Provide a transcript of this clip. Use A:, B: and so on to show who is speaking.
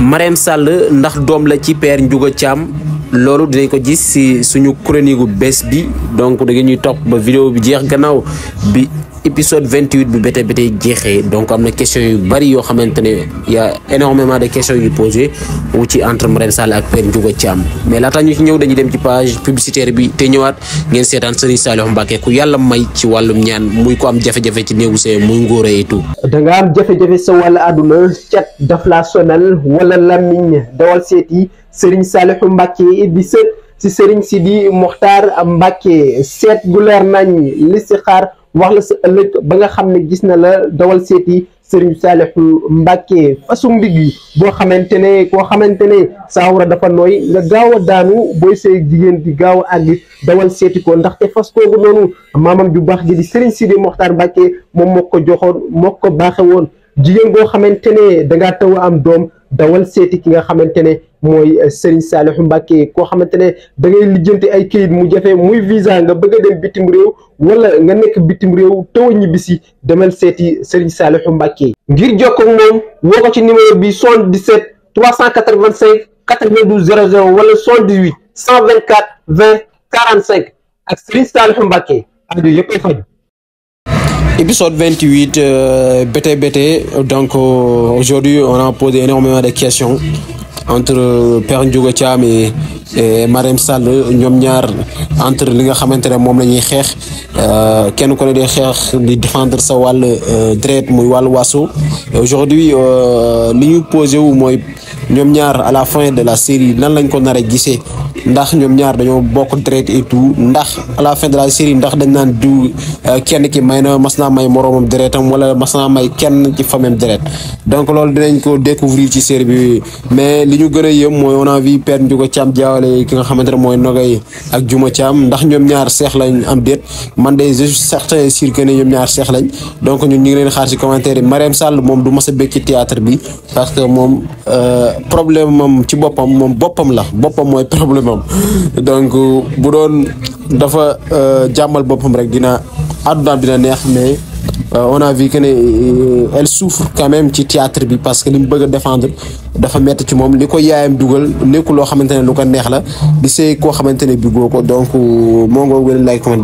A: Marème Sall ndax doom la ci père Ndiouga Thiam loolu dinañ ko gis si suñu chronique bu bés bi donc da ngeen ñuy topp ba vidéo bi jeex gannaaw bi épisode 28 bu bété bété djéxé donc amna question yu bari yo xamante il y' a énormément de questions yu posé wu ci entre Marème Sall ak Père Ndiouga Thiam mais la laata ñu ci ñëw dañu dem ci page publicitaire bi té ñëwaat ngeen sétane Serigne Saliou Mbacké ku Yalla may ci walum ñaan muy ko am jafé jafé ci néewu sé muy ngoré et tout.
B: da nga am jafé jafé sa wàllu aduna chat daf laa sonal wala lamiñ dawal séti Serigne Saliou Mbacké bi sët ci Serigne Sidi Mokhtar Mbacké sét gu leer nañ li si xaar. wax la sa ëllëg ba nga xam ne gis na la dawal seeti sëriñ Saalihu Mbàkke façon ndig yi boo xamante ne koo xamante ne saawara dafa nooy nga gaaw a daanu booy say jigéen di gaaw a àgg dawal seeti ko ndaxte fas koogu noonu maamam ju baax gi di sëriñ Sidi Moxtaar Mbàkke moom moo ko joxoon moo ko baaxe woon jigéen boo xamante ne dangaa taw am doom dawal seeti ki nga xamante ne mooy eh, Serigne Saliou Mbacké koo xamante ne da lijjanti ay këyit mu jafe muy visa nga bëgg dem bitim réew wala nga nekk bitim réew taw ñibbisi demal seeti Serigne Saliou Mbacké ngir jokkoo ak moom woo ko ci numéro bi 77 385 92 00 wala 78 124 20 45
A: ak Serigne Saliou Mbacké aju yëpp ay faju Épisode 28, euh, BTBT. Donc euh, aujourd'hui, on a posé énormément de questions entre euh, Père Ndjougatiam et, et Marem Sall, Nyom entre li nga xamante ne moom la ñuy xeex euh, kenn ku ne di xeex di défendre sa wàll euh, dret mooy wàllu waaso aujourd'hui euh, li ñu posé wu mooy ñoom ñaar à la fin de la série nan lañ ko nar a gisee ndax ñoom ñaar dañoo bokk dret et ndax à la la série ndax dañ naan diw kenn ki may na mas naa may moroomam dretam wala mas naa may kenn ci famem dret donc loolu dinañ ko découvrir ci série bi mais li ñu gën a yëm mooy on a vu Père Ndiouga jaawale ki nga xamante ne mooy Nogay ak Juma Thiam am ndax ñoom ñaar seex lañ am déet man de je suis certain sûr ne ñoom ñaar seex donc ñun ñu ngi xaar ci commentaire yi Marème moom du mas a bëgg ci théâtre bi parce que moom euh, problème moom ci boppam moom boppam la boppam mooy problème am donc bu doon dafa euh, jàmmal boppam rek dina àdduna dina neex mais. Euh, on a vu que ne euh, elle souffre quand même ci théâtre bi parce que li mu bëgg a défendre dafa métti ci moom li ko yaayam dugal nekku loo xamante ne lu ko neex la di sey koo xamante ne bi goo
B: ko donc euh, moo ngo wéna like